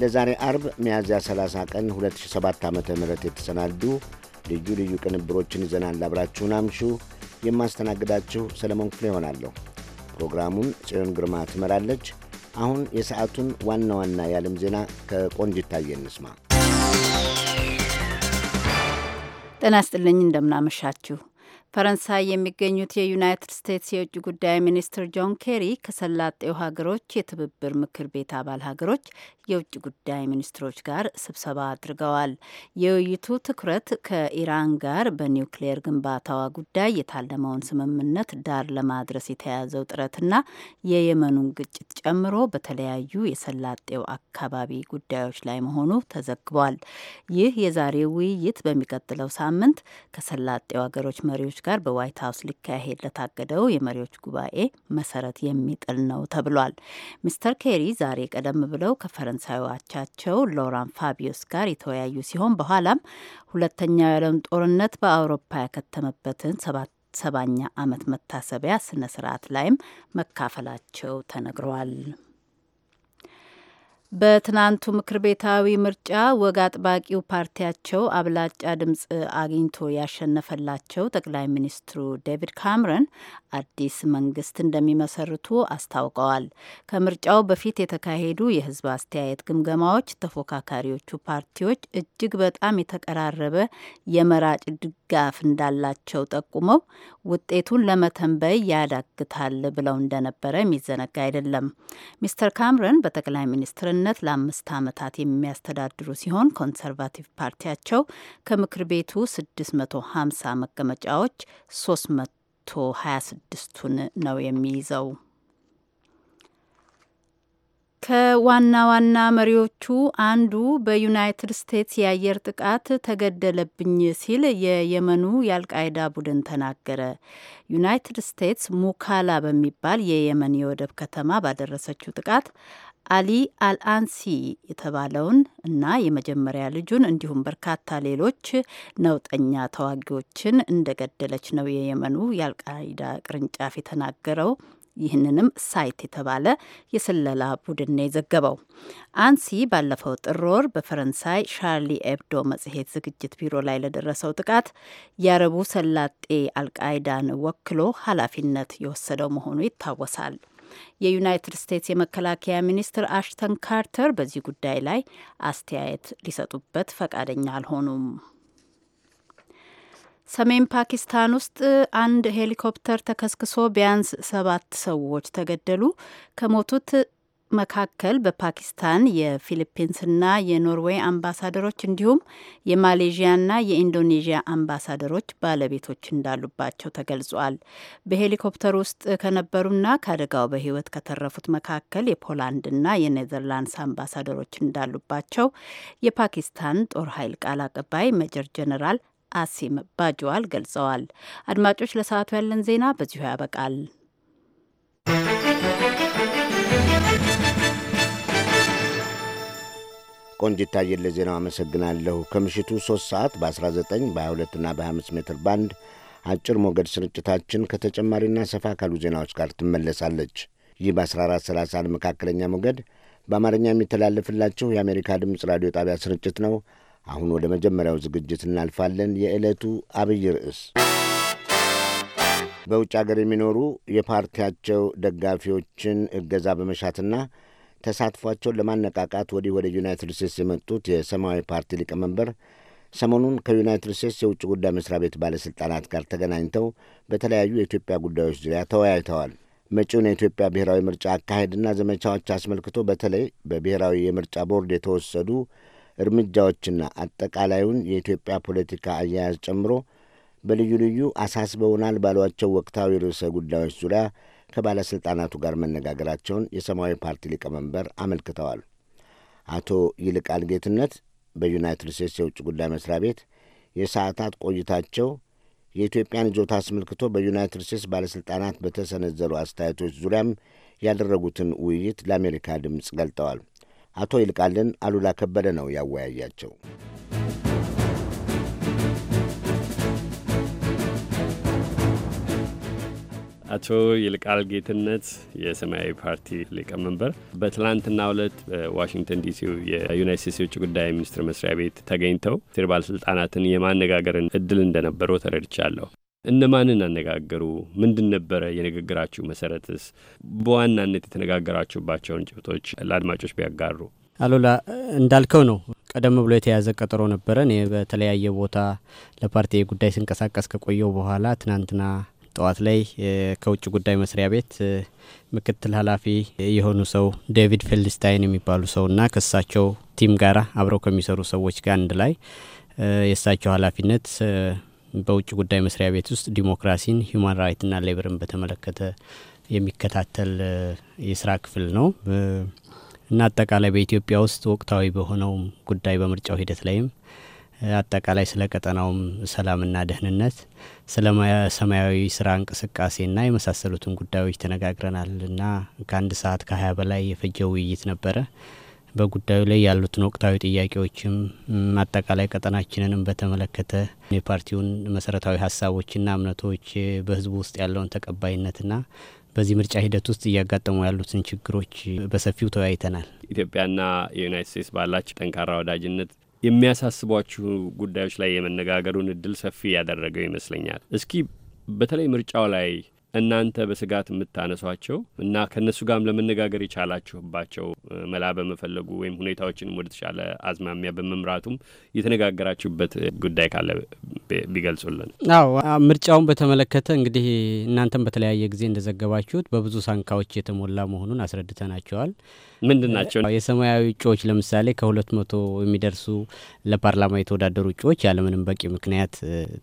ለዛሬ አርብ ሚያዝያ 30 ቀን 2007 ዓ ም የተሰናዱ ልዩ ልዩ ቅንብሮችን ይዘናል። አብራችሁን አምሹ። የማስተናግዳችሁ ሰለሞን ክፍሌ ይሆናለሁ። ፕሮግራሙን ጽዮን ግርማ ትመራለች። አሁን የሰዓቱን ዋና ዋና የዓለም ዜና ከቆንጅ ታየ እንስማ። ጤና ይስጥልኝ፣ እንደምናመሻችሁ። ፈረንሳይ የሚገኙት የዩናይትድ ስቴትስ የውጭ ጉዳይ ሚኒስትር ጆን ኬሪ ከሰላጤው ሀገሮች የትብብር ምክር ቤት አባል ሀገሮች የውጭ ጉዳይ ሚኒስትሮች ጋር ስብሰባ አድርገዋል። የውይይቱ ትኩረት ከኢራን ጋር በኒውክሌር ግንባታዋ ጉዳይ የታለመውን ስምምነት ዳር ለማድረስ የተያዘው ጥረትና የየመኑን ግጭት ጨምሮ በተለያዩ የሰላጤው አካባቢ ጉዳዮች ላይ መሆኑ ተዘግቧል። ይህ የዛሬው ውይይት በሚቀጥለው ሳምንት ከሰላጤው ሀገሮች መሪዎች ጋር በዋይት ሀውስ ሊካሄድ ለታገደው የመሪዎች ጉባኤ መሰረት የሚጥል ነው ተብሏል። ሚስተር ኬሪ ዛሬ ቀደም ብለው ከፈረን ከፈረንሳዊ አቻቸው ሎራን ፋቢዮስ ጋር የተወያዩ ሲሆን በኋላም ሁለተኛው የዓለም ጦርነት በአውሮፓ ያከተመበትን ሰባት ሰባኛ ዓመት መታሰቢያ ስነ ስርዓት ላይም መካፈላቸው ተነግረዋል። በትናንቱ ምክር ቤታዊ ምርጫ ወግ አጥባቂው ፓርቲያቸው አብላጫ ድምፅ አግኝቶ ያሸነፈላቸው ጠቅላይ ሚኒስትሩ ዴቪድ ካምረን አዲስ መንግስት እንደሚመሰርቱ አስታውቀዋል። ከምርጫው በፊት የተካሄዱ የህዝብ አስተያየት ግምገማዎች ተፎካካሪዎቹ ፓርቲዎች እጅግ በጣም የተቀራረበ የመራጭ ድጋፍ እንዳላቸው ጠቁመው ውጤቱን ለመተንበይ ያዳግታል ብለው እንደነበረ የሚዘነጋ አይደለም። ሚስተር ካምረን በጠቅላይ ሚኒስትር በእጩነት ለአምስት ዓመታት የሚያስተዳድሩ ሲሆን ኮንሰርቫቲቭ ፓርቲያቸው ከምክር ቤቱ 650 መቀመጫዎች 326ቱን ነው የሚይዘው። ከዋና ዋና መሪዎቹ አንዱ በዩናይትድ ስቴትስ የአየር ጥቃት ተገደለብኝ ሲል የየመኑ የአልቃይዳ ቡድን ተናገረ። ዩናይትድ ስቴትስ ሙካላ በሚባል የየመን የወደብ ከተማ ባደረሰችው ጥቃት አሊ አልአንሲ የተባለውን እና የመጀመሪያ ልጁን እንዲሁም በርካታ ሌሎች ነውጠኛ ተዋጊዎችን እንደገደለች ነው የየመኑ የአልቃይዳ ቅርንጫፍ የተናገረው። ይህንንም ሳይት የተባለ የስለላ ቡድን ነው የዘገበው። አንሲ ባለፈው ጥር ወር በፈረንሳይ ሻርሊ ኤብዶ መጽሔት ዝግጅት ቢሮ ላይ ለደረሰው ጥቃት የአረቡ ሰላጤ አልቃይዳን ወክሎ ኃላፊነት የወሰደው መሆኑ ይታወሳል። የዩናይትድ ስቴትስ የመከላከያ ሚኒስትር አሽተን ካርተር በዚህ ጉዳይ ላይ አስተያየት ሊሰጡበት ፈቃደኛ አልሆኑም። ሰሜን ፓኪስታን ውስጥ አንድ ሄሊኮፕተር ተከስክሶ ቢያንስ ሰባት ሰዎች ተገደሉ። ከሞቱት መካከል በፓኪስታን የፊሊፒንስና የኖርዌይ አምባሳደሮች እንዲሁም የማሌዥያና የኢንዶኔዥያ አምባሳደሮች ባለቤቶች እንዳሉባቸው ተገልጿል። በሄሊኮፕተር ውስጥ ከነበሩና ከአደጋው በሕይወት ከተረፉት መካከል የፖላንድና የኔዘርላንድስ አምባሳደሮች እንዳሉባቸው የፓኪስታን ጦር ኃይል ቃል አቀባይ መጀር ጀነራል አሲም ባጅዋል ገልጸዋል። አድማጮች፣ ለሰዓቱ ያለን ዜና በዚሁ ያበቃል። ቆንጅት ታየለ ዜናው አመሰግናለሁ። ከምሽቱ 3 ሰዓት በ19 በ22 እና በ25 ሜትር ባንድ አጭር ሞገድ ስርጭታችን ከተጨማሪና ሰፋ ካሉ ዜናዎች ጋር ትመለሳለች። ይህ በ1430 መካከለኛ ሞገድ በአማርኛ የሚተላለፍላችሁ የአሜሪካ ድምፅ ራዲዮ ጣቢያ ስርጭት ነው። አሁን ወደ መጀመሪያው ዝግጅት እናልፋለን። የዕለቱ አብይ ርዕስ በውጭ አገር የሚኖሩ የፓርቲያቸው ደጋፊዎችን እገዛ በመሻትና ተሳትፏቸውን ለማነቃቃት ወዲህ ወደ ዩናይትድ ስቴትስ የመጡት የሰማያዊ ፓርቲ ሊቀመንበር ሰሞኑን ከዩናይትድ ስቴትስ የውጭ ጉዳይ መስሪያ ቤት ባለሥልጣናት ጋር ተገናኝተው በተለያዩ የኢትዮጵያ ጉዳዮች ዙሪያ ተወያይተዋል። መጪውን የኢትዮጵያ ብሔራዊ ምርጫ አካሄድና ዘመቻዎች አስመልክቶ በተለይ በብሔራዊ የምርጫ ቦርድ የተወሰዱ እርምጃዎችና አጠቃላዩን የኢትዮጵያ ፖለቲካ አያያዝ ጨምሮ በልዩ ልዩ አሳስበውናል ባሏቸው ወቅታዊ ርዕሰ ጉዳዮች ዙሪያ ከባለሥልጣናቱ ጋር መነጋገራቸውን የሰማያዊ ፓርቲ ሊቀመንበር አመልክተዋል። አቶ ይልቃል ጌትነት በዩናይትድ ስቴትስ የውጭ ጉዳይ መስሪያ ቤት የሰዓታት ቆይታቸው የኢትዮጵያን ይዞታ አስመልክቶ በዩናይትድ ስቴትስ ባለሥልጣናት በተሰነዘሩ አስተያየቶች ዙሪያም ያደረጉትን ውይይት ለአሜሪካ ድምፅ ገልጠዋል። አቶ ይልቃልን አሉላ ከበደ ነው ያወያያቸው። አቶ ይልቃል ጌትነት የሰማያዊ ፓርቲ ሊቀመንበር በትላንትናው ዕለት በዋሽንግተን ዲሲ የዩናይት ስቴትስ የውጭ ጉዳይ ሚኒስትር መስሪያ ቤት ተገኝተው ሴር ባለስልጣናትን የማነጋገርን እድል እንደነበረው ተረድቻለሁ። እነማንን አነጋገሩ? ምንድን ነበረ የንግግራችሁ መሰረትስ? በዋናነት የተነጋገራችሁባቸውን ጭብጦች ለአድማጮች ቢያጋሩ። አሉላ እንዳልከው ነው። ቀደም ብሎ የተያዘ ቀጠሮ ነበረ። እኔ በተለያየ ቦታ ለፓርቲ ጉዳይ ስንቀሳቀስ ከቆየው በኋላ ትናንትና ጠዋት ላይ ከውጭ ጉዳይ መስሪያ ቤት ምክትል ኃላፊ የሆኑ ሰው ዴቪድ ፌልድስታይን የሚባሉ ሰው እና ከእሳቸው ቲም ጋራ አብረው ከሚሰሩ ሰዎች ጋር አንድ ላይ የእሳቸው ኃላፊነት በውጭ ጉዳይ መስሪያ ቤት ውስጥ ዲሞክራሲን፣ ራይት ራይትና ሌብርን በተመለከተ የሚከታተል የስራ ክፍል ነው እና አጠቃላይ በኢትዮጵያ ውስጥ ወቅታዊ በሆነውም ጉዳይ በምርጫው ሂደት ላይም አጠቃላይ ስለ ቀጠናውም ሰላምና ደህንነት ሰማያዊ ስራ እንቅስቃሴና የመሳሰሉትን ጉዳዮች ተነጋግረናል እና ከአንድ ሰዓት ከ ከሀያ በላይ የፈጀ ውይይት ነበረ። በጉዳዩ ላይ ያሉትን ወቅታዊ ጥያቄዎችም አጠቃላይ ቀጠናችንንም በተመለከተ የፓርቲውን መሰረታዊ ሀሳቦችና እምነቶች በህዝቡ ውስጥ ያለውን ተቀባይነትና በዚህ ምርጫ ሂደት ውስጥ እያጋጠሙ ያሉትን ችግሮች በሰፊው ተወያይተናል። ኢትዮጵያና የዩናይት ስቴትስ ባላቸው ጠንካራ ወዳጅነት የሚያሳስቧችሁ ጉዳዮች ላይ የመነጋገሩን እድል ሰፊ ያደረገው ይመስለኛል። እስኪ በተለይ ምርጫው ላይ እናንተ በስጋት የምታነሷቸው እና ከእነሱ ጋርም ለመነጋገር የቻላችሁባቸው መላ በመፈለጉ ወይም ሁኔታዎችን ወደ ተሻለ አዝማሚያ በመምራቱም የተነጋገራችሁበት ጉዳይ ካለ ቢገልጹልን። አዎ ምርጫውን በተመለከተ እንግዲህ እናንተም በተለያየ ጊዜ እንደዘገባችሁት በብዙ ሳንካዎች የተሞላ መሆኑን አስረድተናቸዋል። ምንድን ናቸው? የሰማያዊ እጩዎች ለምሳሌ ከሁለት መቶ የሚደርሱ ለፓርላማ የተወዳደሩ እጩዎች ያለምንም በቂ ምክንያት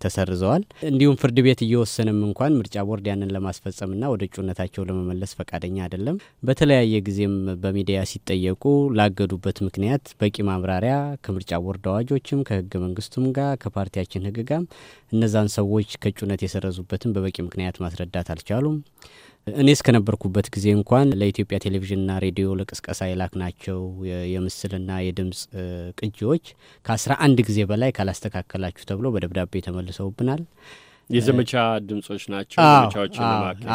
ተሰርዘዋል። እንዲሁም ፍርድ ቤት እየወሰንም እንኳን ምርጫ ቦርድ ያንን ለማስፈጸምና ወደ እጩነታቸው ለመመለስ ፈቃደኛ አይደለም። በተለያየ ጊዜም በሚዲያ ሲጠየቁ ላገዱበት ምክንያት በቂ ማብራሪያ ከምርጫ ቦርድ አዋጆችም ከህገ መንግስቱም ጋር ከፓርቲያችን ህግ ጋር እነዛን ሰዎች ከእጩነት የሰረዙበትን በበቂ ምክንያት ማስረዳት አልቻሉም። እኔ እስከነበርኩበት ጊዜ እንኳን ለኢትዮጵያ ቴሌቪዥንና ሬዲዮ ለቅስቀሳ የላክናቸው የምስልና የድምፅ ቅጂዎች ከአስራ አንድ ጊዜ በላይ ካላስተካከላችሁ ተብሎ በደብዳቤ ተመልሰውብናል። የዘመቻ ድምጾች ናቸው።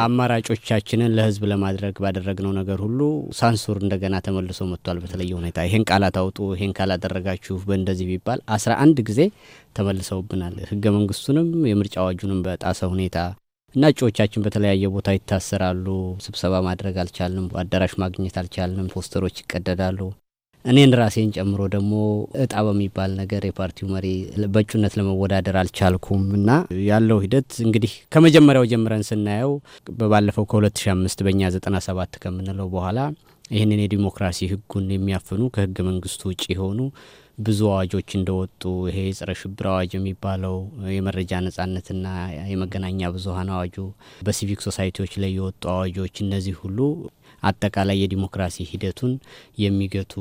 አማራጮቻችንን ለህዝብ ለማድረግ ባደረግነው ነገር ሁሉ ሳንሱር እንደገና ተመልሶ መጥቷል። በተለየ ሁኔታ ይሄን ቃላት አውጡ፣ ይሄን ካላደረጋችሁ በእንደዚህ ቢባል አስራ አንድ ጊዜ ተመልሰውብናል። ህገ መንግስቱንም የምርጫ አዋጁንም በጣሰ ሁኔታ እና እጩዎቻችን በተለያየ ቦታ ይታሰራሉ። ስብሰባ ማድረግ አልቻልንም፣ አዳራሽ ማግኘት አልቻልንም፣ ፖስተሮች ይቀደዳሉ። እኔን ራሴን ጨምሮ ደግሞ እጣ በሚባል ነገር የፓርቲው መሪ በእጩነት ለመወዳደር አልቻልኩም እና ያለው ሂደት እንግዲህ ከመጀመሪያው ጀምረን ስናየው ባለፈው ከ2005 በእኛ 97 ከምንለው በኋላ ይህንን የዲሞክራሲ ህጉን የሚያፍኑ ከህገ መንግስቱ ውጭ የሆኑ ብዙ አዋጆች እንደወጡ ይሄ የጸረ ሽብር አዋጅ የሚባለው የመረጃ ነጻነትና የመገናኛ ብዙሀን አዋጁ፣ በሲቪክ ሶሳይቲዎች ላይ የወጡ አዋጆች፣ እነዚህ ሁሉ አጠቃላይ የዲሞክራሲ ሂደቱን የሚገቱ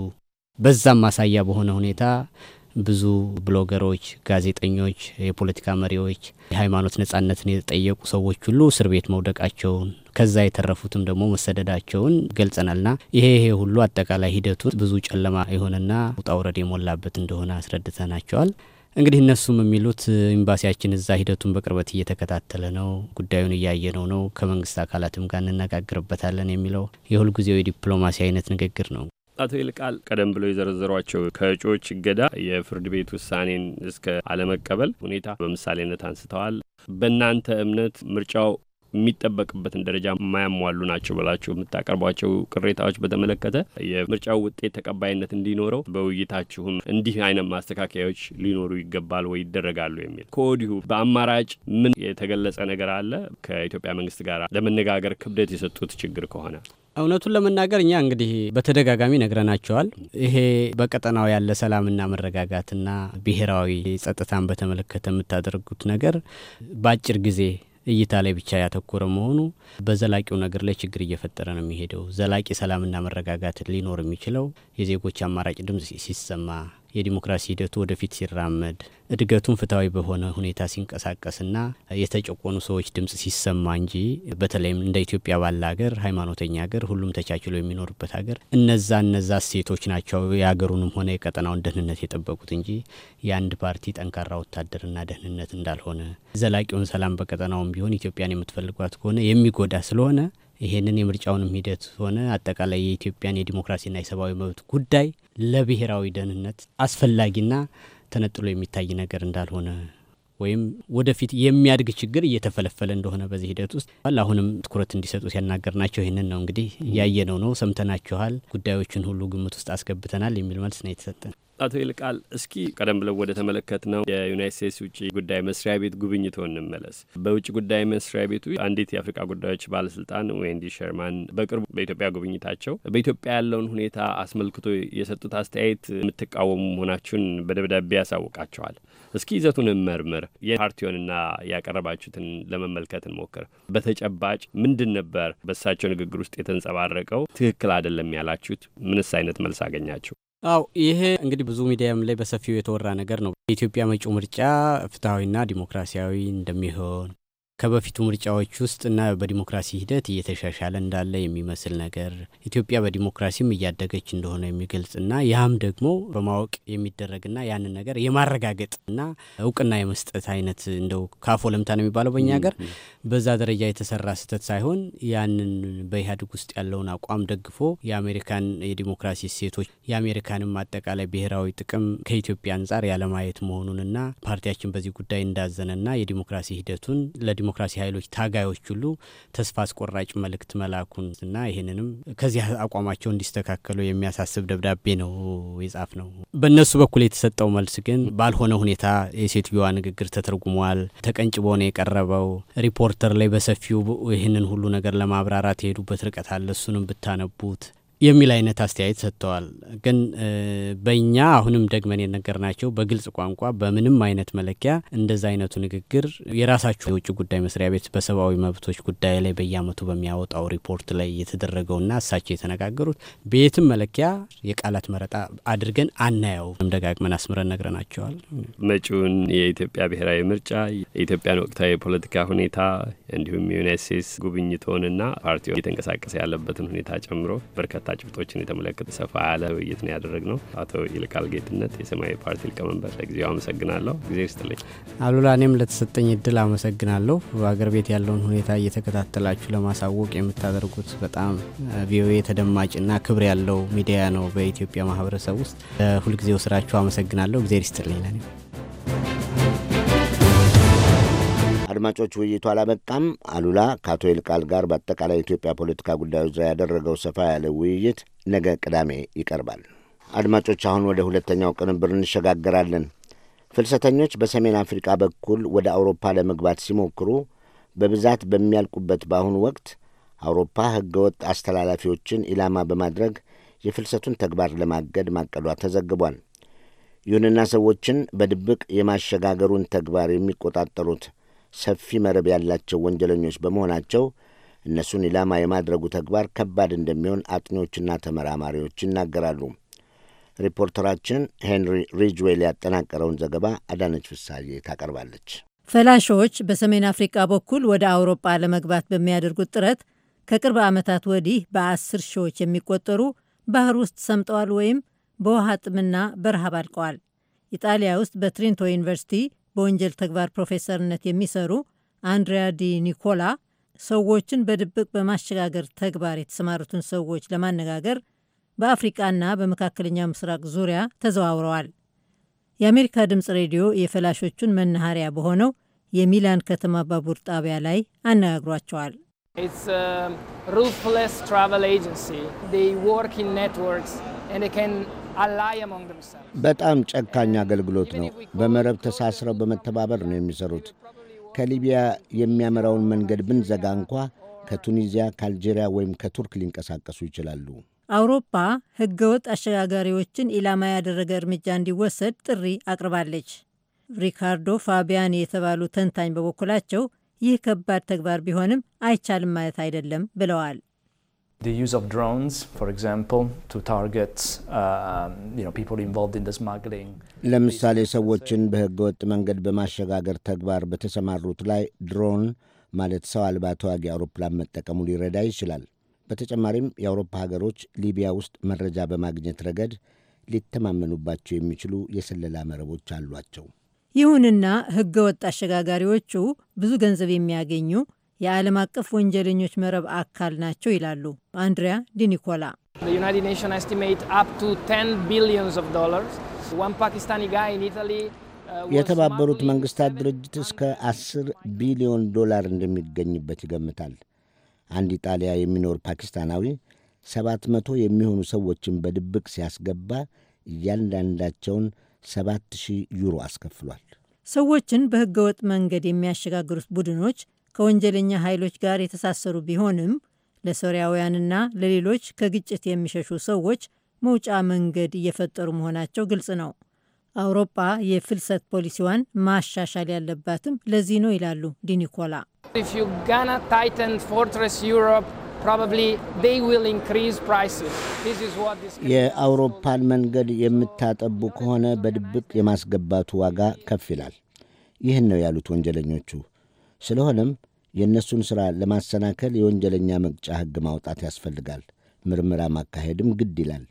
በዛም ማሳያ በሆነ ሁኔታ ብዙ ብሎገሮች፣ ጋዜጠኞች፣ የፖለቲካ መሪዎች፣ የሃይማኖት ነጻነትን የጠየቁ ሰዎች ሁሉ እስር ቤት መውደቃቸውን ከዛ የተረፉትም ደግሞ መሰደዳቸውን ገልጸናልና ይሄ ይሄ ሁሉ አጠቃላይ ሂደቱ ብዙ ጨለማ የሆነና ውጣ ውረድ የሞላበት እንደሆነ አስረድተናቸዋል። እንግዲህ እነሱም የሚሉት ኤምባሲያችን እዛ ሂደቱን በቅርበት እየተከታተለ ነው፣ ጉዳዩን እያየነው ነው፣ ከመንግስት አካላትም ጋር እንነጋግርበታለን የሚለው የሁልጊዜው የዲፕሎማሲ አይነት ንግግር ነው። አቶ ይልቃል ቀደም ብሎ የዘረዘሯቸው ከእጩዎች እገዳ፣ የፍርድ ቤት ውሳኔን እስከ አለመቀበል ሁኔታ በምሳሌነት አንስተዋል። በእናንተ እምነት ምርጫው የሚጠበቅበትን ደረጃ የማያሟሉ ናቸው ብላችሁ የምታቀርቧቸው ቅሬታዎች በተመለከተ የምርጫው ውጤት ተቀባይነት እንዲኖረው በውይይታችሁም እንዲህ አይነት ማስተካከያዎች ሊኖሩ ይገባል ወይ ይደረጋሉ የሚል ከወዲሁ በአማራጭ ምን የተገለጸ ነገር አለ? ከኢትዮጵያ መንግስት ጋር ለመነጋገር ክብደት የሰጡት ችግር ከሆነ እውነቱን ለመናገር እኛ እንግዲህ በተደጋጋሚ ነግረናቸዋል። ይሄ በቀጠናው ያለ ሰላምና መረጋጋትና ብሔራዊ ጸጥታን በተመለከተ የምታደርጉት ነገር በአጭር ጊዜ እይታ ላይ ብቻ ያተኮረ መሆኑ በዘላቂው ነገር ላይ ችግር እየፈጠረ ነው የሚሄደው። ዘላቂ ሰላምና መረጋጋት ሊኖር የሚችለው የዜጎች አማራጭ ድምጽ ሲሰማ የዲሞክራሲ ሂደቱ ወደፊት ሲራመድ እድገቱን ፍትሐዊ በሆነ ሁኔታ ሲንቀሳቀስና የተጨቆኑ ሰዎች ድምጽ ሲሰማ እንጂ በተለይም እንደ ኢትዮጵያ ባለ ሀገር ሃይማኖተኛ ሀገር ሁሉም ተቻችሎ የሚኖርበት ሀገር እነዛ እነዛ ሴቶች ናቸው የሀገሩንም ሆነ የቀጠናውን ደህንነት የጠበቁት እንጂ የአንድ ፓርቲ ጠንካራ ወታደርና ደህንነት እንዳልሆነ ዘላቂውን ሰላም በቀጠናውም ቢሆን ኢትዮጵያን የምትፈልጓት ከሆነ የሚጎዳ ስለሆነ ይሄንን የምርጫውንም ሂደት ሆነ አጠቃላይ የኢትዮጵያን የዲሞክራሲና የሰብአዊ መብት ጉዳይ ለብሔራዊ ደህንነት አስፈላጊና ተነጥሎ የሚታይ ነገር እንዳልሆነ ወይም ወደፊት የሚያድግ ችግር እየተፈለፈለ እንደሆነ በዚህ ሂደት ውስጥ አሁንም ትኩረት እንዲሰጡ ሲያናገር ናቸው። ይህንን ነው እንግዲህ ያየነው ነው፣ ሰምተናችኋል። ጉዳዮችን ሁሉ ግምት ውስጥ አስገብተናል የሚል መልስ ነው የተሰጠን። አቶ ይልቃል እስኪ ቀደም ብለው ወደ ተመለከት ነው የዩናይት ስቴትስ ውጭ ጉዳይ መስሪያ ቤት ጉብኝቶ እንመለስ። በውጭ ጉዳይ መስሪያ ቤቱ አንዲት የአፍሪቃ ጉዳዮች ባለስልጣን ዌንዲ ሸርማን በቅርቡ በኢትዮጵያ ጉብኝታቸው በኢትዮጵያ ያለውን ሁኔታ አስመልክቶ የሰጡት አስተያየት የምትቃወሙ መሆናችሁን በደብዳቤ ያሳውቃቸዋል። እስኪ ይዘቱን መርምር የፓርቲውንና ያቀረባችሁትን ለመመልከት እንሞክር። በተጨባጭ ምንድን ነበር በእሳቸው ንግግር ውስጥ የተንጸባረቀው ትክክል አይደለም ያላችሁት? ምንስ አይነት መልስ አገኛችሁ? አው ይሄ እንግዲህ ብዙ ሚዲያም ላይ በሰፊው የተወራ ነገር ነው። የኢትዮጵያ መጪው ምርጫ ፍትሐዊና ዲሞክራሲያዊ እንደሚሆን ከበፊቱ ምርጫዎች ውስጥ እና በዲሞክራሲ ሂደት እየተሻሻለ እንዳለ የሚመስል ነገር ኢትዮጵያ በዲሞክራሲም እያደገች እንደሆነ የሚገልጽና ያም ደግሞ በማወቅ የሚደረግና ያንን ነገር የማረጋገጥ እና እውቅና የመስጠት አይነት እንደው ካፎ ለምታ ነው የሚባለው በእኛ ሀገር በዛ ደረጃ የተሰራ ስህተት ሳይሆን ያንን በኢህአዴግ ውስጥ ያለውን አቋም ደግፎ የአሜሪካን የዲሞክራሲ እሴቶች የአሜሪካንም አጠቃላይ ብሔራዊ ጥቅም ከኢትዮጵያ አንጻር ያለማየት መሆኑንና ፓርቲያችን በዚህ ጉዳይ እንዳዘነና የዲሞክራሲ ሂደቱን ለዲሞ የዲሞክራሲ ኃይሎች ታጋዮች ሁሉ ተስፋ አስቆራጭ መልእክት መላኩን እና ይህንንም ከዚህ አቋማቸው እንዲስተካከሉ የሚያሳስብ ደብዳቤ ነው የጻፍ ነው። በእነሱ በኩል የተሰጠው መልስ ግን ባልሆነ ሁኔታ የሴትዮዋ ንግግር ተተርጉሟል፣ ተቀንጭቦ ነው የቀረበው። ሪፖርተር ላይ በሰፊው ይህንን ሁሉ ነገር ለማብራራት የሄዱበት ርቀት አለ፣ እሱንም ብታነቡት የሚል አይነት አስተያየት ሰጥተዋል። ግን በእኛ አሁንም ደግመን ናቸው በግልጽ ቋንቋ በምንም አይነት መለኪያ እንደዛ አይነቱ ንግግር የራሳቸው የውጭ ጉዳይ መስሪያ ቤት በሰብአዊ መብቶች ጉዳይ ላይ በየአመቱ በሚያወጣው ሪፖርት ላይ የተደረገውና እሳቸው የተነጋገሩት በየትም መለኪያ የቃላት መረጣ አድርገን አናየው። ደጋግመን አስምረን ነግረናቸዋል። መጪውን የኢትዮጵያ ብሔራዊ ምርጫ፣ የኢትዮጵያን ወቅታዊ የፖለቲካ ሁኔታ እንዲሁም የዩናይት ስቴትስ ጉብኝቶንና ፓርቲ እየተንቀሳቀሰ ያለበትን ሁኔታ ጨምሮ በርካታ ጭብጦችን የተመለከተ ሰፋ ያለ ውይይት ነው ነው። አቶ ይልቃል ጌትነት የሰማያዊ ፓርቲ ሊቀመንበር፣ ለጊዜው አመሰግናለሁ። ጊዜ ይስጥልኝ አሉላ። እኔም ለተሰጠኝ እድል አመሰግናለሁ። በአገር ቤት ያለውን ሁኔታ እየተከታተላችሁ ለማሳወቅ የምታደርጉት በጣም ቪኦኤ ተደማጭና ክብር ያለው ሚዲያ ነው በኢትዮጵያ ማህበረሰብ ውስጥ። ሁልጊዜው ስራችሁ አመሰግናለሁ። ጊዜ ይስጥልኝ ለኔ አድማጮች፣ ውይይቱ አላበቃም። አሉላ ከአቶ ይልቃል ጋር በአጠቃላይ የኢትዮጵያ ፖለቲካ ጉዳዮች ዙሪያ ያደረገው ሰፋ ያለ ውይይት ነገ ቅዳሜ ይቀርባል። አድማጮች፣ አሁን ወደ ሁለተኛው ቅንብር እንሸጋገራለን። ፍልሰተኞች በሰሜን አፍሪካ በኩል ወደ አውሮፓ ለመግባት ሲሞክሩ በብዛት በሚያልቁበት በአሁኑ ወቅት አውሮፓ ሕገወጥ አስተላላፊዎችን ኢላማ በማድረግ የፍልሰቱን ተግባር ለማገድ ማቀዷ ተዘግቧል። ይሁንና ሰዎችን በድብቅ የማሸጋገሩን ተግባር የሚቆጣጠሩት ሰፊ መረብ ያላቸው ወንጀለኞች በመሆናቸው እነሱን ኢላማ የማድረጉ ተግባር ከባድ እንደሚሆን አጥኚዎችና ተመራማሪዎች ይናገራሉ። ሪፖርተራችን ሄንሪ ሪጅዌል ያጠናቀረውን ዘገባ አዳነች ፍሳዬ ታቀርባለች። ፈላሾች በሰሜን አፍሪቃ በኩል ወደ አውሮጳ ለመግባት በሚያደርጉት ጥረት ከቅርብ ዓመታት ወዲህ በአስር ሺዎች የሚቆጠሩ ባህር ውስጥ ሰምጠዋል ወይም በውሃ ጥምና በረሃብ አልቀዋል። ኢጣሊያ ውስጥ በትሪንቶ ዩኒቨርሲቲ በወንጀል ተግባር ፕሮፌሰርነት የሚሰሩ አንድሪያ ዲ ኒኮላ ሰዎችን በድብቅ በማሸጋገር ተግባር የተሰማሩትን ሰዎች ለማነጋገር በአፍሪቃና በመካከለኛው ምስራቅ ዙሪያ ተዘዋውረዋል። የአሜሪካ ድምፅ ሬዲዮ የፈላሾቹን መናኸሪያ በሆነው የሚላን ከተማ ባቡር ጣቢያ ላይ አነጋግሯቸዋል። ሩትለስ ትራቨል ኤጀንሲ በጣም ጨካኝ አገልግሎት ነው። በመረብ ተሳስረው በመተባበር ነው የሚሰሩት። ከሊቢያ የሚያመራውን መንገድ ብንዘጋ እንኳ ከቱኒዚያ፣ ከአልጄሪያ ወይም ከቱርክ ሊንቀሳቀሱ ይችላሉ። አውሮፓ ህገወጥ አሸጋጋሪዎችን ኢላማ ያደረገ እርምጃ እንዲወሰድ ጥሪ አቅርባለች። ሪካርዶ ፋቢያኒ የተባሉ ተንታኝ በበኩላቸው ይህ ከባድ ተግባር ቢሆንም አይቻልም ማለት አይደለም ብለዋል። ለምሳሌ ሰዎችን በሕገወጥ መንገድ በማሸጋገር ተግባር በተሰማሩት ላይ ድሮን ማለት ሰው አልባ ተዋጊ አውሮፕላን መጠቀሙ ሊረዳ ይችላል። በተጨማሪም የአውሮፓ ሀገሮች ሊቢያ ውስጥ መረጃ በማግኘት ረገድ ሊተማመኑባቸው የሚችሉ የስለላ መረቦች አሏቸው። ይሁንና ሕገወጥ አሸጋጋሪዎቹ ብዙ ገንዘብ የሚያገኙ የዓለም አቀፍ ወንጀለኞች መረብ አካል ናቸው ይላሉ አንድሪያ ዲኒኮላ። uh, የተባበሩት መንግስታት ድርጅት እስከ 10 ቢሊዮን ዶላር እንደሚገኝበት ይገምታል። አንድ ኢጣሊያ የሚኖር ፓኪስታናዊ 700 የሚሆኑ ሰዎችን በድብቅ ሲያስገባ እያንዳንዳቸውን 7000 ዩሮ አስከፍሏል። ሰዎችን በሕገወጥ መንገድ የሚያሸጋግሩት ቡድኖች ከወንጀለኛ ኃይሎች ጋር የተሳሰሩ ቢሆንም ለሶሪያውያንና ለሌሎች ከግጭት የሚሸሹ ሰዎች መውጫ መንገድ እየፈጠሩ መሆናቸው ግልጽ ነው። አውሮፓ የፍልሰት ፖሊሲዋን ማሻሻል ያለባትም ለዚህ ነው ይላሉ ዲኒኮላ። የአውሮፓን መንገድ የምታጠቡ ከሆነ በድብቅ የማስገባቱ ዋጋ ከፍ ይላል። ይህን ነው ያሉት ወንጀለኞቹ። ስለሆነም የእነሱን ሥራ ለማሰናከል የወንጀለኛ መቅጫ ሕግ ማውጣት ያስፈልጋል። ምርመራ ማካሄድም ግድ ይላል።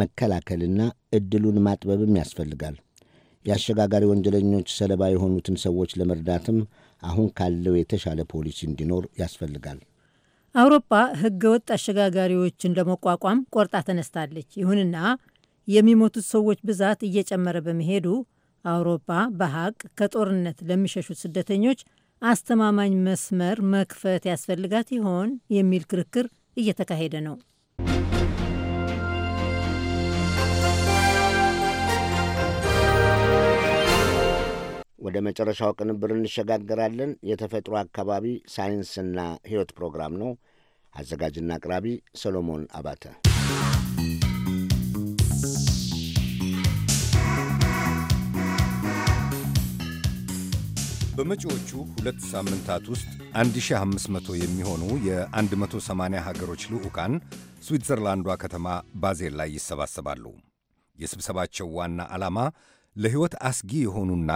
መከላከልና ዕድሉን ማጥበብም ያስፈልጋል። የአሸጋጋሪ ወንጀለኞች ሰለባ የሆኑትን ሰዎች ለመርዳትም አሁን ካለው የተሻለ ፖሊሲ እንዲኖር ያስፈልጋል። አውሮፓ ወጥ አሸጋጋሪዎችን ለመቋቋም ቆርጣ ተነስታለች። ይሁንና የሚሞቱት ሰዎች ብዛት እየጨመረ በመሄዱ አውሮፓ በሀቅ ከጦርነት ለሚሸሹት ስደተኞች አስተማማኝ መስመር መክፈት ያስፈልጋት ይሆን የሚል ክርክር እየተካሄደ ነው። ወደ መጨረሻው ቅንብር እንሸጋገራለን። የተፈጥሮ አካባቢ ሳይንስና ሕይወት ፕሮግራም ነው። አዘጋጅና አቅራቢ ሰሎሞን አባተ በመጪዎቹ ሁለት ሳምንታት ውስጥ 1500 የሚሆኑ የ180 ሀገሮች ልዑካን ስዊትዘርላንዷ ከተማ ባዜል ላይ ይሰባሰባሉ። የስብሰባቸው ዋና ዓላማ ለሕይወት አስጊ የሆኑና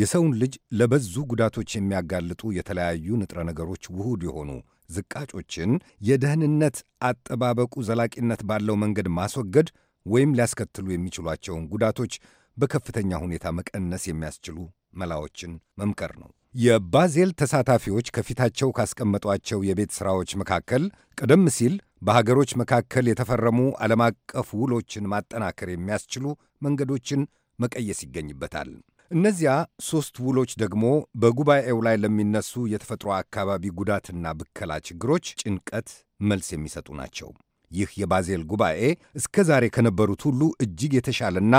የሰውን ልጅ ለበዙ ጉዳቶች የሚያጋልጡ የተለያዩ ንጥረ ነገሮች ውሁድ የሆኑ ዝቃጮችን የደህንነት አጠባበቁ ዘላቂነት ባለው መንገድ ማስወገድ ወይም ሊያስከትሉ የሚችሏቸውን ጉዳቶች በከፍተኛ ሁኔታ መቀነስ የሚያስችሉ መላዎችን መምከር ነው። የባዜል ተሳታፊዎች ከፊታቸው ካስቀመጧቸው የቤት ሥራዎች መካከል ቀደም ሲል በሀገሮች መካከል የተፈረሙ ዓለም አቀፍ ውሎችን ማጠናከር የሚያስችሉ መንገዶችን መቀየስ ይገኝበታል። እነዚያ ሦስት ውሎች ደግሞ በጉባኤው ላይ ለሚነሱ የተፈጥሮ አካባቢ ጉዳትና ብከላ ችግሮች ጭንቀት መልስ የሚሰጡ ናቸው። ይህ የባዜል ጉባኤ እስከ ዛሬ ከነበሩት ሁሉ እጅግ የተሻለና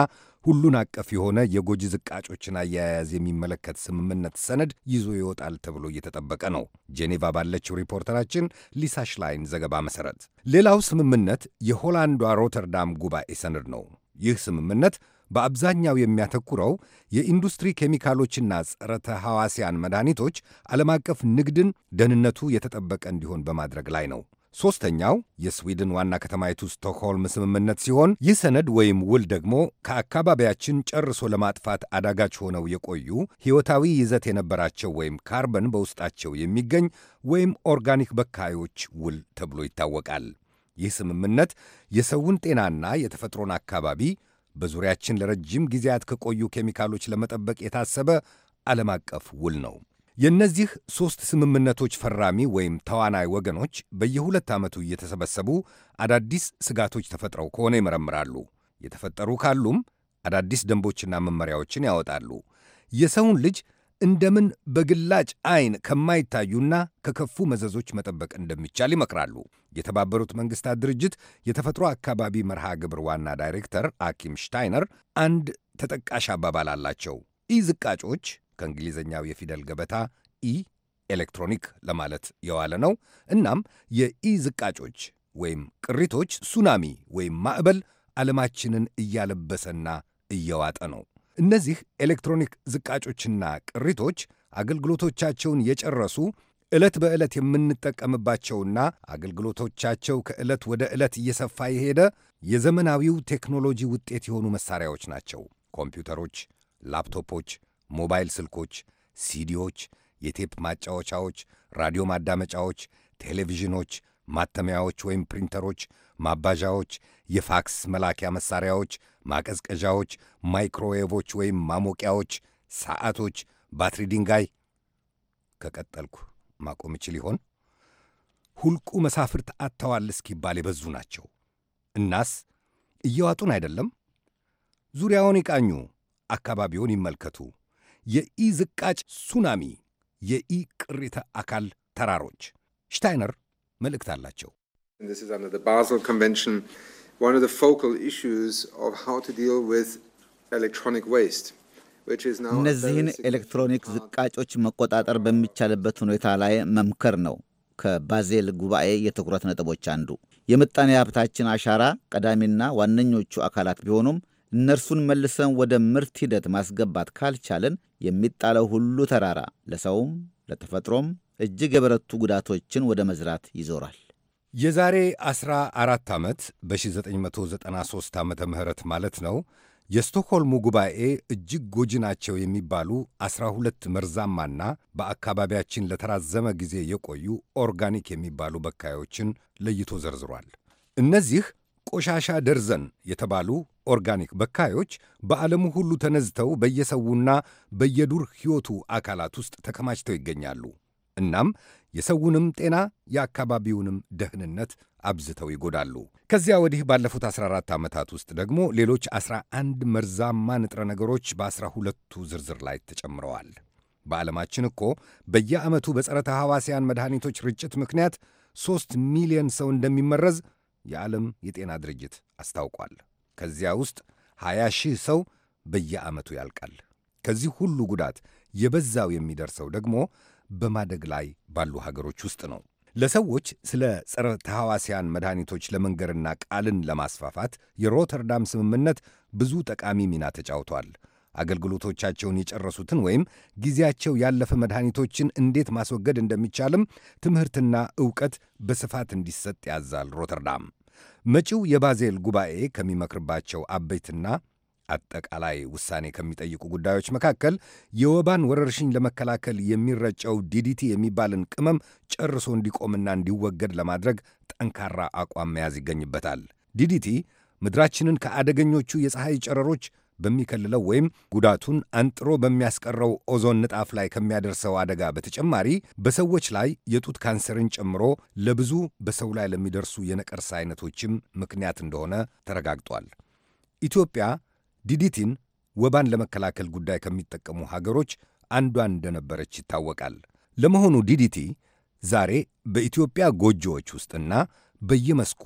ሁሉን አቀፍ የሆነ የጎጂ ዝቃጮችን አያያዝ የሚመለከት ስምምነት ሰነድ ይዞ ይወጣል ተብሎ እየተጠበቀ ነው። ጄኔቫ ባለችው ሪፖርተራችን ሊሳ ሽላይን ዘገባ መሠረት ሌላው ስምምነት የሆላንዷ ሮተርዳም ጉባኤ ሰነድ ነው። ይህ ስምምነት በአብዛኛው የሚያተኩረው የኢንዱስትሪ ኬሚካሎችና ጸረተ ሐዋሲያን መድኃኒቶች ዓለም አቀፍ ንግድን ደህንነቱ የተጠበቀ እንዲሆን በማድረግ ላይ ነው። ሦስተኛው የስዊድን ዋና ከተማይቱ ስቶክሆልም ስምምነት ሲሆን ይህ ሰነድ ወይም ውል ደግሞ ከአካባቢያችን ጨርሶ ለማጥፋት አዳጋች ሆነው የቆዩ ሕይወታዊ ይዘት የነበራቸው ወይም ካርበን በውስጣቸው የሚገኝ ወይም ኦርጋኒክ በካዮች ውል ተብሎ ይታወቃል። ይህ ስምምነት የሰውን ጤናና የተፈጥሮን አካባቢ በዙሪያችን ለረጅም ጊዜያት ከቆዩ ኬሚካሎች ለመጠበቅ የታሰበ ዓለም አቀፍ ውል ነው። የእነዚህ ሦስት ስምምነቶች ፈራሚ ወይም ተዋናይ ወገኖች በየሁለት ዓመቱ እየተሰበሰቡ አዳዲስ ስጋቶች ተፈጥረው ከሆነ ይመረምራሉ። የተፈጠሩ ካሉም አዳዲስ ደንቦችና መመሪያዎችን ያወጣሉ። የሰውን ልጅ እንደምን በግላጭ አይን ከማይታዩና ከከፉ መዘዞች መጠበቅ እንደሚቻል ይመክራሉ። የተባበሩት መንግሥታት ድርጅት የተፈጥሮ አካባቢ መርሃ ግብር ዋና ዳይሬክተር አኪም ሽታይነር አንድ ተጠቃሽ አባባል አላቸው። ኢ ዝቃጮች ከእንግሊዝኛው የፊደል ገበታ ኢ ኤሌክትሮኒክ ለማለት የዋለ ነው። እናም የኢ ዝቃጮች ወይም ቅሪቶች ሱናሚ ወይም ማዕበል ዓለማችንን እያለበሰና እየዋጠ ነው። እነዚህ ኤሌክትሮኒክ ዝቃጮችና ቅሪቶች አገልግሎቶቻቸውን የጨረሱ ዕለት በዕለት የምንጠቀምባቸውና አገልግሎቶቻቸው ከዕለት ወደ ዕለት እየሰፋ የሄደ የዘመናዊው ቴክኖሎጂ ውጤት የሆኑ መሳሪያዎች ናቸው። ኮምፒውተሮች፣ ላፕቶፖች፣ ሞባይል ስልኮች፣ ሲዲዎች፣ የቴፕ ማጫወቻዎች፣ ራዲዮ ማዳመጫዎች፣ ቴሌቪዥኖች፣ ማተሚያዎች ወይም ፕሪንተሮች፣ ማባዣዎች፣ የፋክስ መላኪያ መሳሪያዎች፣ ማቀዝቀዣዎች፣ ማይክሮዌቮች ወይም ማሞቂያዎች፣ ሰዓቶች፣ ባትሪ ድንጋይ። ከቀጠልኩ ማቆም ይችል ይሆን? ሁልቁ መሳፍርት አጥተዋል እስኪባል የበዙ ናቸው። እናስ እየዋጡን አይደለም? ዙሪያውን ይቃኙ፣ አካባቢውን ይመልከቱ። የኢ ዝቃጭ ሱናሚ፣ የኢ ቅሪተ አካል ተራሮች። ሽታይነር መልእክት አላቸው። እነዚህን ኤሌክትሮኒክ ዝቃጮች መቆጣጠር በሚቻልበት ሁኔታ ላይ መምከር ነው ከባዜል ጉባኤ የትኩረት ነጥቦች አንዱ። የምጣኔ ሀብታችን አሻራ ቀዳሚና ዋነኞቹ አካላት ቢሆኑም እነርሱን መልሰን ወደ ምርት ሂደት ማስገባት ካልቻለን የሚጣለው ሁሉ ተራራ ለሰውም ለተፈጥሮም እጅግ የበረቱ ጉዳቶችን ወደ መዝራት ይዞራል። የዛሬ 14 ዓመት በ1993 ዓመተ ምህረት ማለት ነው የስቶክሆልሙ ጉባኤ እጅግ ጎጂ ናቸው የሚባሉ 12 መርዛማና በአካባቢያችን ለተራዘመ ጊዜ የቆዩ ኦርጋኒክ የሚባሉ በካዮችን ለይቶ ዘርዝሯል። እነዚህ ቆሻሻ ደርዘን የተባሉ ኦርጋኒክ በካዮች በዓለሙ ሁሉ ተነዝተው በየሰውና በየዱር ሕይወቱ አካላት ውስጥ ተከማችተው ይገኛሉ። እናም የሰውንም ጤና የአካባቢውንም ደህንነት አብዝተው ይጎዳሉ። ከዚያ ወዲህ ባለፉት 14 ዓመታት ውስጥ ደግሞ ሌሎች 11 መርዛማ ንጥረ ነገሮች በአስራ ሁለቱ ዝርዝር ላይ ተጨምረዋል። በዓለማችን እኮ በየዓመቱ በጸረ ተሐዋስያን መድኃኒቶች ርጭት ምክንያት ሦስት ሚሊዮን ሰው እንደሚመረዝ የዓለም የጤና ድርጅት አስታውቋል። ከዚያ ውስጥ 20 ሺህ ሰው በየዓመቱ ያልቃል። ከዚህ ሁሉ ጉዳት የበዛው የሚደርሰው ደግሞ በማደግ ላይ ባሉ ሀገሮች ውስጥ ነው። ለሰዎች ስለ ጸረ ተሐዋስያን መድኃኒቶች ለመንገርና ቃልን ለማስፋፋት የሮተርዳም ስምምነት ብዙ ጠቃሚ ሚና ተጫውቷል። አገልግሎቶቻቸውን የጨረሱትን ወይም ጊዜያቸው ያለፈ መድኃኒቶችን እንዴት ማስወገድ እንደሚቻልም ትምህርትና ዕውቀት በስፋት እንዲሰጥ ያዛል ሮተርዳም። መጪው የባዜል ጉባኤ ከሚመክርባቸው አበይትና አጠቃላይ ውሳኔ ከሚጠይቁ ጉዳዮች መካከል የወባን ወረርሽኝ ለመከላከል የሚረጨው ዲዲቲ የሚባልን ቅመም ጨርሶ እንዲቆምና እንዲወገድ ለማድረግ ጠንካራ አቋም መያዝ ይገኝበታል። ዲዲቲ ምድራችንን ከአደገኞቹ የፀሐይ ጨረሮች በሚከልለው ወይም ጉዳቱን አንጥሮ በሚያስቀረው ኦዞን ንጣፍ ላይ ከሚያደርሰው አደጋ በተጨማሪ በሰዎች ላይ የጡት ካንሰርን ጨምሮ ለብዙ በሰው ላይ ለሚደርሱ የነቀርሳ አይነቶችም ምክንያት እንደሆነ ተረጋግጧል። ኢትዮጵያ ዲዲቲን ወባን ለመከላከል ጉዳይ ከሚጠቀሙ ሀገሮች አንዷ እንደነበረች ይታወቃል። ለመሆኑ ዲዲቲ ዛሬ በኢትዮጵያ ጎጆዎች ውስጥና በየመስኩ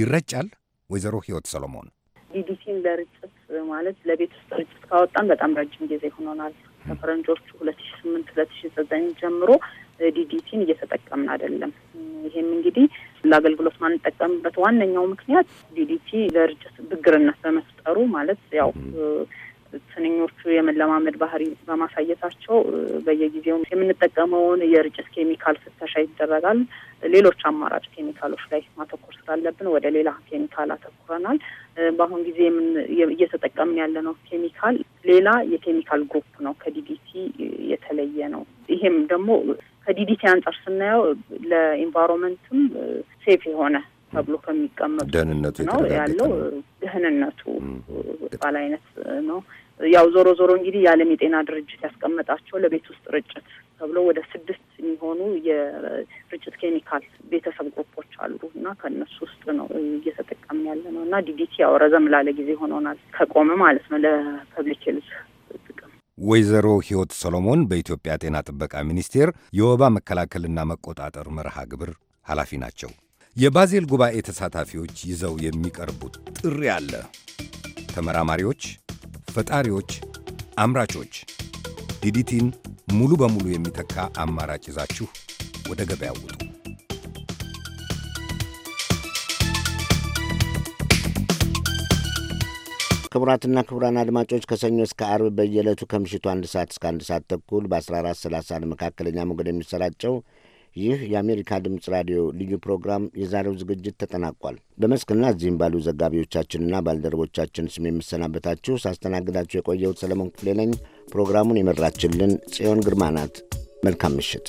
ይረጫል? ወይዘሮ ሕይወት ሰሎሞን ዲዲቲን ለርጭት ማለት ለቤት ውስጥ ርጭት ካወጣን በጣም ረጅም ጊዜ ሆኖናል። ከፈረንጆቹ ሁለት ሺ ስምንት ሁለት ሺ ዘጠኝ ጀምሮ ዲዲቲን እየተጠቀምን አይደለም። ይሄም እንግዲህ ለአገልግሎት ማንጠቀምበት ዋነኛው ምክንያት ዲዲቲ ለርጭት ብግርነት በመፍጠሩ ማለት ያው ትንኞቹ የመለማመድ ባህሪ በማሳየታቸው በየጊዜው የምንጠቀመውን የርጭት ኬሚካል ፍተሻ ይደረጋል። ሌሎች አማራጭ ኬሚካሎች ላይ ማተኮር ስላለብን ወደ ሌላ ኬሚካል አተኩረናል። በአሁን ጊዜ እየተጠቀምን ያለነው ኬሚካል ሌላ የኬሚካል ግሩፕ ነው፣ ከዲዲቲ የተለየ ነው። ይሄም ደግሞ ከዲዲቲ አንጻር ስናየው ለኢንቫይሮንመንትም ሴፍ የሆነ ተብሎ ከሚቀመጡ ነው ያለው። ደህንነቱ ባል አይነት ነው። ያው ዞሮ ዞሮ እንግዲህ የዓለም የጤና ድርጅት ያስቀመጣቸው ለቤት ውስጥ ርጭት ተብሎ ወደ ስድስት የሚሆኑ የርጭት ኬሚካል ቤተሰብ ግሩፖች አሉ እና ከእነሱ ውስጥ ነው እየተጠቀምን ያለ ነው እና ዲዲቲ ያው ረዘም ላለ ጊዜ ሆኖናል ከቆመ ማለት ነው ለፐብሊክ ሄልዝ ወይዘሮ ህይወት ሰሎሞን በኢትዮጵያ ጤና ጥበቃ ሚኒስቴር የወባ መከላከልና መቆጣጠር መርሃ ግብር ኃላፊ ናቸው። የባዜል ጉባኤ ተሳታፊዎች ይዘው የሚቀርቡት ጥሪ አለ። ተመራማሪዎች ፈጣሪዎች፣ አምራቾች ዲዲቲን ሙሉ በሙሉ የሚተካ አማራጭ ይዛችሁ ወደ ገበያ ውጡ። ክቡራትና ክቡራን አድማጮች ከሰኞ እስከ አርብ በየዕለቱ ከምሽቱ አንድ ሰዓት እስከ አንድ ሰዓት ተኩል በ1430 መካከለኛ ሞገድ የሚሰራጨው ይህ የአሜሪካ ድምፅ ራዲዮ ልዩ ፕሮግራም የዛሬው ዝግጅት ተጠናቋል። በመስክና እዚህም ባሉ ዘጋቢዎቻችንና ባልደረቦቻችን ስም የምሰናበታችሁ ሳስተናግዳችሁ የቆየሁት ሰለሞን ክፍሌ ነኝ። ፕሮግራሙን የመራችልን ጽዮን ግርማ ናት። መልካም ምሽት።